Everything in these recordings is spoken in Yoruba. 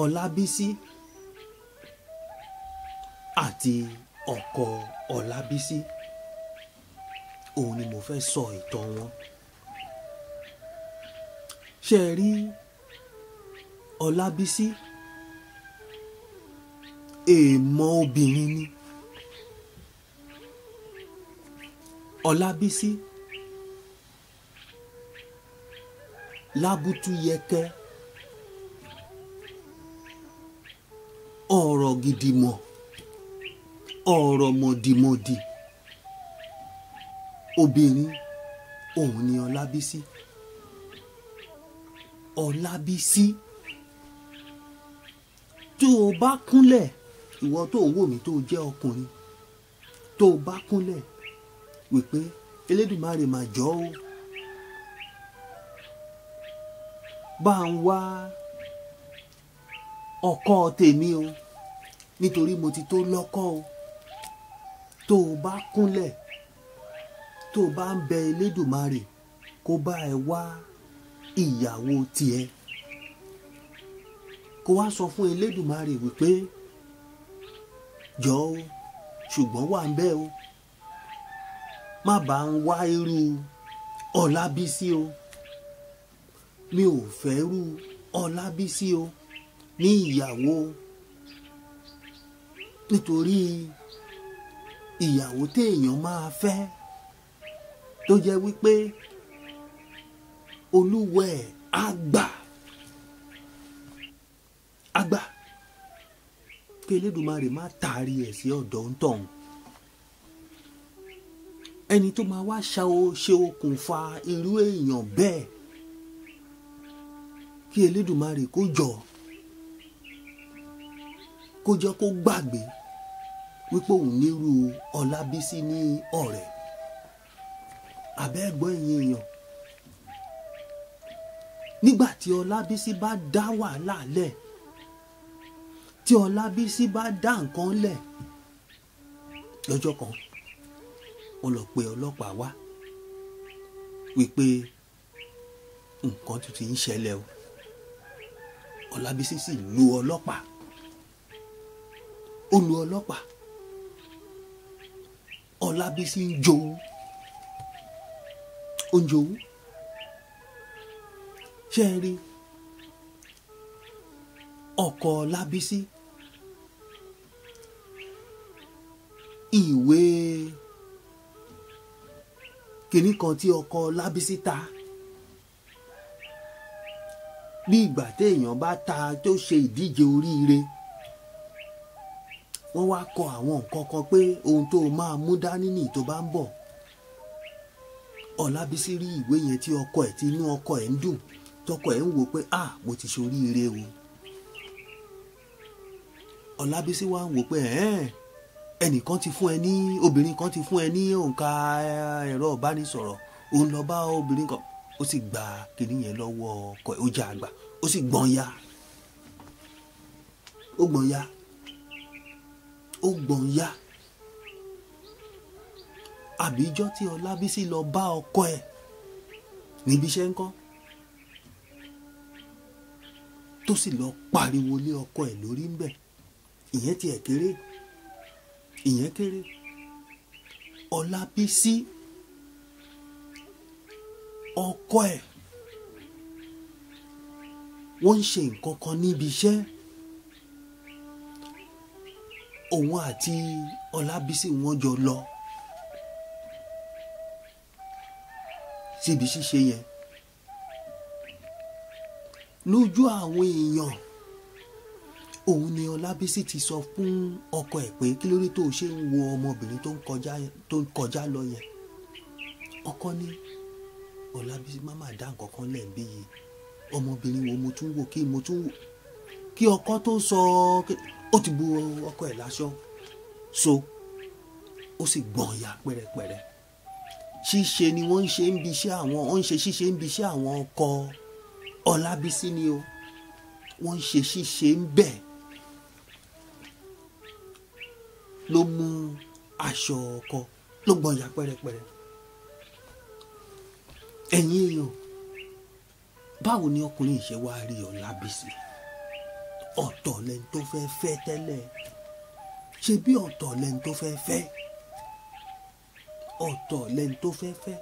Ọlábísí àti ọkọ Ọlábísí òun ni mo fẹ́ sọ ìtàn wọn. Ṣé ẹ rí Ọlábísí èèmọ̀ obìnrin ni Ọlábísí lábùtú yẹkẹ́. ọ̀rọ̀ gidi mọ̀ ọ̀rọ̀ mọ̀dìmọ̀dì obìnrin òun ni Ọlábísí Ọlábísí tó o bá kúnlẹ̀ ìwọ tó ń wò mí tó jẹ́ ọkùnrin tó o bá kúnlẹ̀ wípé Elédùmarè mà jọ́ o bá ń wá ọkọ tèmi o nítorí mo ti tó lọ́kọ o tó o bá kúnlẹ̀ tó o bá ń bẹ Elédùmarè kó bá ẹ wá ìyàwó tiẹ̀ kó wá sọ fún Elédùmarè wípé jọ o ṣùgbọ́n wà ń bẹ́ o má bá ń wá irú Ọlábísí o mi ò fẹ́ rú Ọlábísí o ní ìyàwó o nítorí ìyàwó téèyàn máa fẹ́ tó jẹ́ wípé olúwẹ̀ àgbà àgbà kí Elédùmarè má taari ẹ̀ sí ọ̀dọ̀ ń tọ̀hún ẹni tó máa wá ṣe okùnfà irú èèyàn bẹ́ẹ̀ kí Elédùmarè kó jọ̀ọ́ kó jẹ́ kó gbàgbé wípé òun nírú Ọlábísí ní ọ̀rẹ́ abẹ́gbọ́n ẹ̀yìn èèyàn nígbà tí Ọlábísí bá dá wàhálà lẹ̀ tí Ọlábísí bá dá nǹkan lẹ̀ lọ́jọ́ kan ó lọ pe ọlọ́pàá wá wípé nǹkan tuntun ń ṣẹlẹ̀ o Ọlábísí sì lu ọlọ́pàá olú ọlọ́pàá ọlábísí ń jowó ó ń jowó ṣe é rí ọkọ ọlábísí ìwé kìnní kan tí ọkọ ọlábísí ta bí ìgbà téèyàn bá ta tó ṣe ìdíje oríire wọ́n wá kọ àwọn nǹkan kan pé ohun tó máa mú dání nì tó bá ń bọ̀ ọ̀làbísí rí ìwé yẹn tí ọkọ ẹ̀ tí inú ọkọ ẹ̀ ń dùn tọkọ ẹ̀ ń wò pé a mo ti ṣoríire o ọ̀làbísí wá ń wò pé ẹnìkan ti fún ẹ ní obìnrin kan ti fún ẹ ní òǹkà eh, ẹ̀rọ ìbánisọ̀rọ̀ òun lọ bá obìnrin kan ó sì gba kinní yẹn lọ́wọ́ ọkọ ẹ̀ ó jẹ́ àgbà ó sì gbọ̀n ya ó gbọ̀n ya ó gbọ̀n ya àbíjọ́ tí Ọlábísí lọ bá ọkọ ẹ̀ níbi iṣẹ́ ńkọ́ tó sì lọ pariwo lé ọkọ ẹ̀ lórí ńbẹ̀ ìyẹn tiẹ̀ kéré ìyẹn kéré Ọlábísí ọkọ ẹ̀ wọ́n ń ṣe nǹkan kan níbi iṣẹ́ òun àti Ọlábísí wọn jọ lọ síbi ṣíṣe yẹn lójú àwọn èèyàn òun ni Ọlábísí ti sọ fún ọkọ ẹ̀ pé kí lórí tó ṣe ń wo ọmọbìnrin tó ń kọjá lọ yẹn ọkọ ní Ọlábísí má má dá nǹkan kan lẹ́ẹ̀bí yìí ọmọbìnrin wo mo tún wò kí mo tún wò kí ọkọ tó sọ ó ti bu ọkọ ẹ̀ láṣọ so ó sì gbọ̀n ya pẹ́rẹpẹ́rẹ ṣíṣe ni wọ́n ń ṣe ń bi iṣẹ́ àwọn wọ́n ń ṣe ṣíṣe ń bi iṣẹ́ àwọn ọkọ Ọlábísí ni o wọ́n ń ṣe ṣíṣe ń bẹ̀ ló mú aṣọ ọkọ ló gbọ̀n ya pẹ́rẹpẹ́rẹ ẹ̀yin èèyàn báwo ni ọkùnrin ṣe wá rí Ọlábísí ọ̀tọ̀ lẹni tó fẹ́ fẹ́ tẹ́lẹ̀ ṣe bí ọ̀tọ̀ lẹni tó fẹ́ fẹ́ ọ̀tọ̀ lẹni tó fẹ́ fẹ́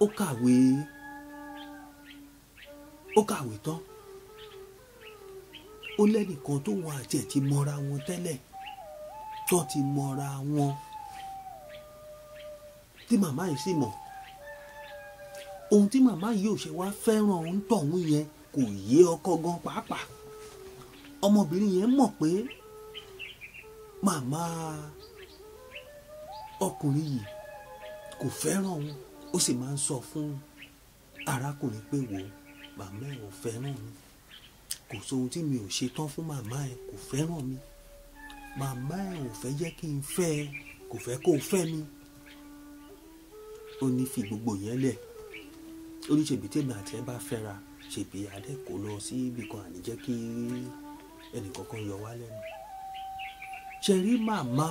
ó kàwé ó kàwé tán ó lẹ́nìkan tó wọn àti ẹ̀ ti mọra wọn tẹ́lẹ̀ tó ti mọra wọn tí màmá yìí sì mọ̀ ohun tí màmá yìí ò ṣe wá fẹ́ràn òun tọ̀hún yẹn kò yé ọkọ gan pàápàá ọmọbìnrin yẹn mọ̀ pé màmá ọkùnrin yìí kò fẹ́ràn òun ó sì máa ń sọ fún arákùnrin pé wò màmá ẹ̀ ò fẹ́ràn mi kò sóhun tí mi ò ṣe tán fún màmá ẹ̀ kò fẹ́ràn mi màmá ẹ̀ ò fẹ́ jẹ́ kí n fẹ́ ẹ kò fẹ́ kó o fẹ́ mi ó ní fi gbogbo yẹn lẹ̀ ó ní ṣèbí tèmi àti ẹ bá fẹ́ra ṣèbí adé kò lọ sí ibìkan àní jẹ́ kí ẹnìkankan yọ wá lẹ́nu ṣe màmá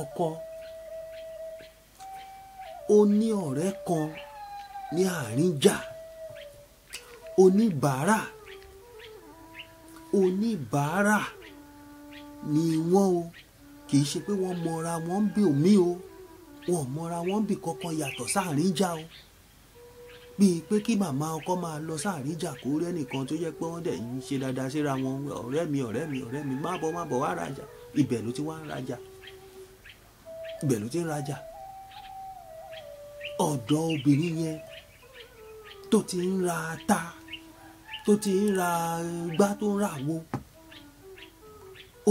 ọkọ ó ọ̀rẹ́ kan ní àárín jà oníbàárà oníbàárà ni wọ́n o kì í ṣe pé wọ́n mọra wọn ń bí omi o wọn ò mọra wọn bí kankan yàtọ̀ sáàrin jà o bíi pé kí màmá ọkọ máa lọ sáàrin ìjà kó rẹ́nìkan tó jẹ́ pé wọ́n dẹ̀ ń ṣe dáadáa síra wọn ọ̀rẹ́ mi ọ̀rẹ́ mi ọ̀rẹ́ mi má bọ̀ má bọ̀ wá rajà ibẹ̀ ló ti wá ń rajà ibẹ̀ ló ti ń rajà ọ̀dọ̀ obìnrin yẹn tó ti ń ra ata tó ti ń ra gbá tó ń ra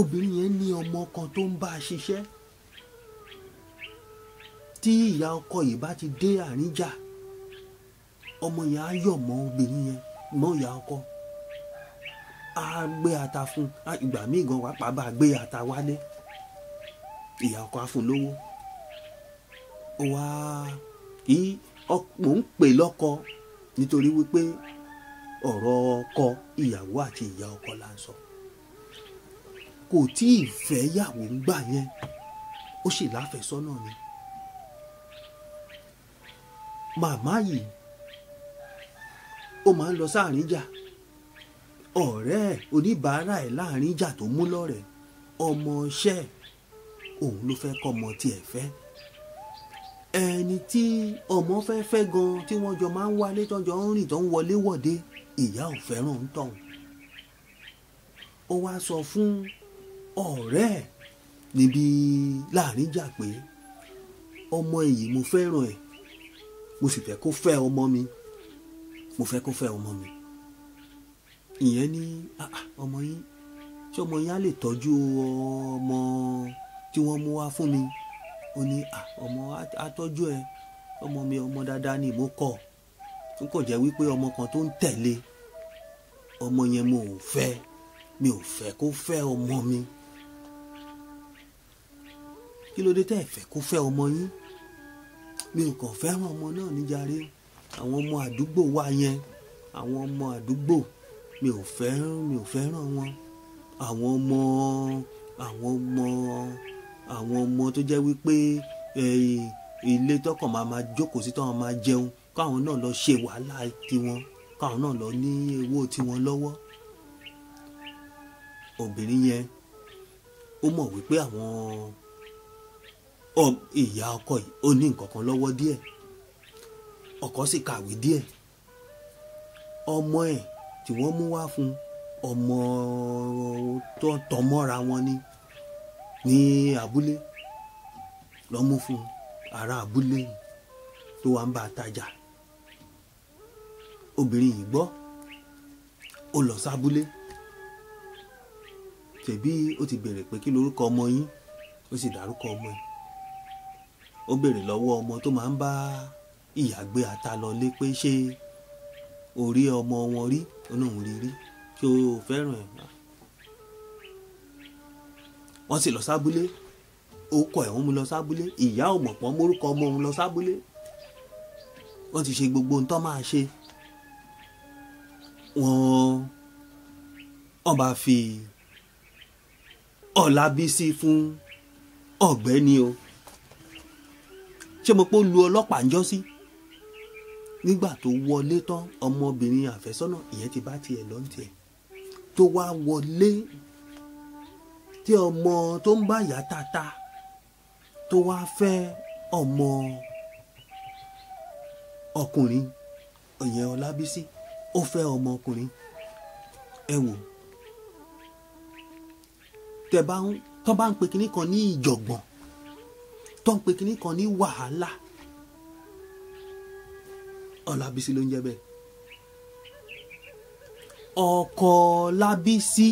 obìnrin yẹn ní ọmọ kan tó ń bá a ṣiṣẹ́ tí ìyá ọkọ yìí bá ti dé àárín ọmọ yẹn á yọ̀ mọ́ obìnrin yẹn mọ́ ìyá ọkọ á gbé ata fún ìgbà míì gan wàá pàbà gbé ata wálé ìyá ọkọ á fún lówó ó wá kí mò ń pè lọ́kọ nítorí wípé ọ̀rọ̀ ọkọ ìyàwó àti ìyá ọkọ là ń sọ kò tí ì fẹ́ yàwó ń gbà yẹn ó sì láfẹ̀sọ́nà ni màmá yìí ó máa ń lọ sáàrin jà ọ̀rẹ́ ẹ̀ oníbàárà ẹ̀ láàrin jà tó mú lọ́rẹ̀ ọmọ iṣẹ́ òun ló fẹ́ kọ́ ọmọ tiẹ̀ fẹ́ ẹni tí ọmọ fẹ́ fẹ́ gan tí wọ́n jọ máa ń wálé tọ́jọ́ ń rìn tó ń wọlé wọ̀de ìyá ò fẹ́ràn ń tọ̀hún ó wá sọ fún ọ̀rẹ́ ẹ̀ níbi láàrin jà pé ọmọ èyí mo fẹ́ràn ẹ̀ mo sì fẹ́ kó fẹ́ ọmọ mi mo fẹ́ kó fẹ́ ọmọ mi ìyẹn ní ah, ah, ọmọ yín ṣé ọmọ yín á lè tọ́jú ọmọ tí wọ́n mú wá fún mi ó ní ah, ọmọ atọ́jú ẹ ọmọ mi ọmọ dáadáa ni mo kọ́ n kò jẹ́ wípé ọmọ kan tó ń tẹ̀lé ọmọ yẹn mo ò fẹ́ mi ò fẹ́ kó fẹ́ ọmọ mi kí ló dé tẹ́ ẹ fẹ́ kó fẹ́ ọmọ yín mi ò kàn fẹ́ràn ọmọ náà níjàre àwọn ọmọ àdúgbò wa yẹn àwọn ọmọ àdúgbò mi ò fẹ́ràn mi ò fẹ́ràn wọn àwọn ọmọ àwọn ọmọ àwọn ọmọ tó jẹ́ wípé ilé tọkàn máa ma jókòó sí tọ́wọ́n máa jẹun káwọn náà lọ ṣe wàhálà tiwọn káwọn náà lọ ní owó tiwọn lọ́wọ́ obìnrin yẹn ó mọ̀ wípé àwọn ìyá ọkọ yìí ó ní nǹkan kan lọ́wọ́ díẹ̀ ọkọ sì kàwé díẹ̀ ọmọ ẹ̀ tí wọ́n mú wá fún ọmọ tó tọmọ́ra wọn ni ní abúlé lọ́mú fún ará abúlé tó wà ń bá a tajà obìnrin yìí gbọ́ ó lọ sábúlé tẹ̀bí ó ti béèrè pé kí lorúkọ ọmọ yín ó sì dárúkọ ọmọ yìí ó béèrè lọ́wọ́ ọmọ tó máa ń bá ìyá gbé ata lọlé pé ṣé orí ọmọ wọn rí onóhùn rí rí kí o fẹ́ràn ẹ̀ wọ́n sì lọ sábúlé okọ ẹ̀ wọ́n mú lọ sábúlé ìyá ọ̀mọ̀pọ̀ mórúkọ ọmọ òun lọ sábúlé wọ́n ti ṣe gbogbo ohun tó máa ṣe wọ́n wọ́n bá fi Ọlábísí fún ọ̀gbẹ́ni o ṣé mo pé ó lu ọlọ́pàá ń jọ́ sí. Si? nígbà tó wọlé tán ọmọbìnrin àfẹ́sọ́nà ìyẹn ti bá tiẹ̀ lọ́n tiẹ̀ tó wá wọlé tí ọmọ tó ń bá ìyá tata tó wá fẹ́ ọmọ ọkùnrin ìyẹn Ọlábísí ó fẹ́ ọmọ ọkùnrin ẹ wò tẹ bá ń tọ́ bá ń pe kinní kan ní ìjọ̀gbọ̀n tọ́ ń pe kinní kan ní wàhálà Ọlábísí ló ń jẹ́ bẹ́ẹ̀ ọkọ Lábísí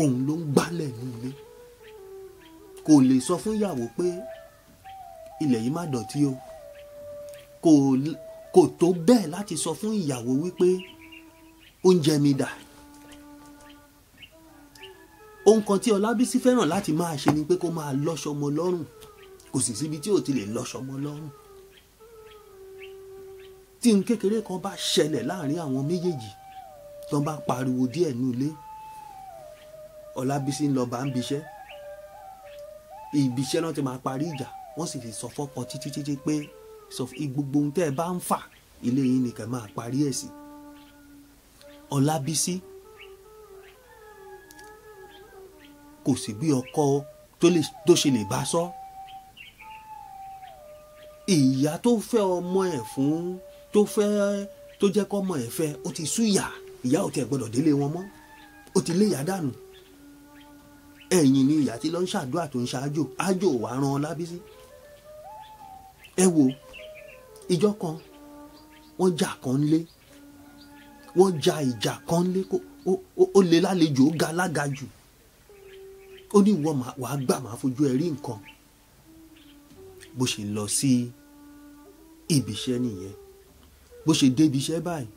òun ló ń gbálẹ̀ nílé kò lè sọ fún ìyàwó pé ilẹ̀ yìí má dọ̀tí o kò kò tó bẹ́ẹ̀ láti sọ fún ìyàwó wípé oúnjẹ mi dà ohun kan tí Ọlábísí fẹ́ràn láti máa ṣe ni pé kó máa lọ́ṣọmọ lọ́rùn kò sì síbi tí ò ti lè lọ́ṣọmọ lọ́rùn tí n kékeré kan bá ṣẹlẹ̀ láàrin àwọn méjèèjì tó ń bá pariwo díẹ̀ ní ilé Ọlábísí ń lọ bá ń biṣẹ́ ibiṣẹ́ náà ti máa parí ìjà wọ́n sì fi sọ fọ́kọ títí títí pé gbogbo ohun tẹ́ ẹ bá ń fà ilé yìí nìkan máa parí ẹ̀ sí Ọlábísí kò sí bí ọkọ tó ṣe lè bá sọ ìyá tó fẹ́ ọmọ ẹ̀ fún tó fẹ́ tó jẹ́ kọ́mọ ẹ̀ fẹ́ o ti súyà ìyá ò tẹ̀ gbọ́dọ̀ délé wọn mọ́ o ti lé ìyá dànù ẹ̀yìn ni ìyá tí lọ ń ṣàdúrà tó ń ṣáájò ájò wàá ran ọ lábísí ẹ wo ìjọ kan wọ́n jà kan lé wọ́n ja ìjà kan lé ó lé lálejò ó ga lága jù ó ní ìwọ wàá gbà máa fojú ẹ rí nǹkan bó ṣe lọ sí ibiṣẹ́ nìyẹn bó ṣe débi iṣẹ́ báyìí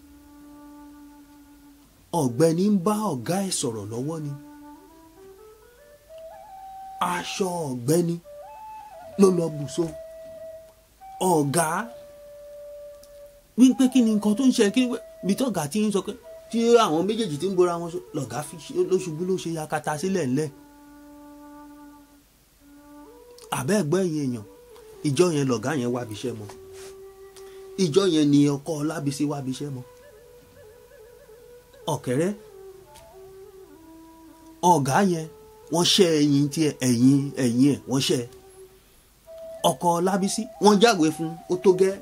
ọ̀gbẹ́ni ń bá ọ̀gá ẹ̀ sọ̀rọ̀ lọ́wọ́ ni aṣọ ọ̀gbẹ́ni ló lọ bùsọ ọ̀gá wípé kí ni nǹkan tó ń ṣe kí ni tọ́gà tí ń sọ pé tí àwọn méjèèjì tí ń bora wọn lọ̀gá lóṣùbú ló ṣe yakata sílẹ̀ ńlẹ̀ àbẹ́ ẹ̀gbọ́n ẹ̀yìn èèyàn ìjọ yẹn lọ̀gá yẹn wá bíṣẹ́ mọ́ ìjọ yẹn ni ọkọ Ọlábísí wá bíṣẹ́ mọ́ ọ̀kẹ́rẹ́ ọ̀gá yẹn wọ́n ṣẹ́ ẹyin tiẹ̀ ẹ̀yìn ẹ̀yìn ẹ̀ wọ́n ṣẹ́ ọkọ Ọlábísí wọ́n jáwé fún ó tó gẹ́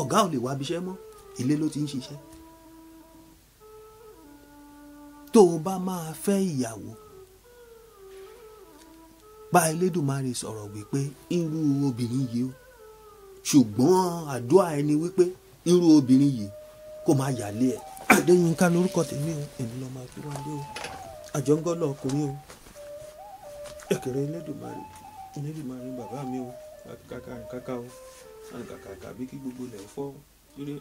ọ̀gá ò lè wá bíṣẹ́ mọ́ ilé ló ti ń ṣiṣẹ́ tó o bá máa fẹ́ ìyàwó bá Elédùmarè sọ̀rọ̀ wípé irú obìnrin yìí o ṣùgbọ́n àdúrà ẹni wípé irú obìnrin yìí kó máa yàlé ẹ̀. Adéyínká lórúkọ tèmi o èmi lọ máa fi wáyé o àjọngọ́lọ̀ ọkùnrin o ẹ̀kẹ̀rẹ̀ Elédùmarè Elédùmarè bàbá mi o kàkà kàkà o kàkà kàkà bí kí gbogbo ilẹ̀ fọ́ ire.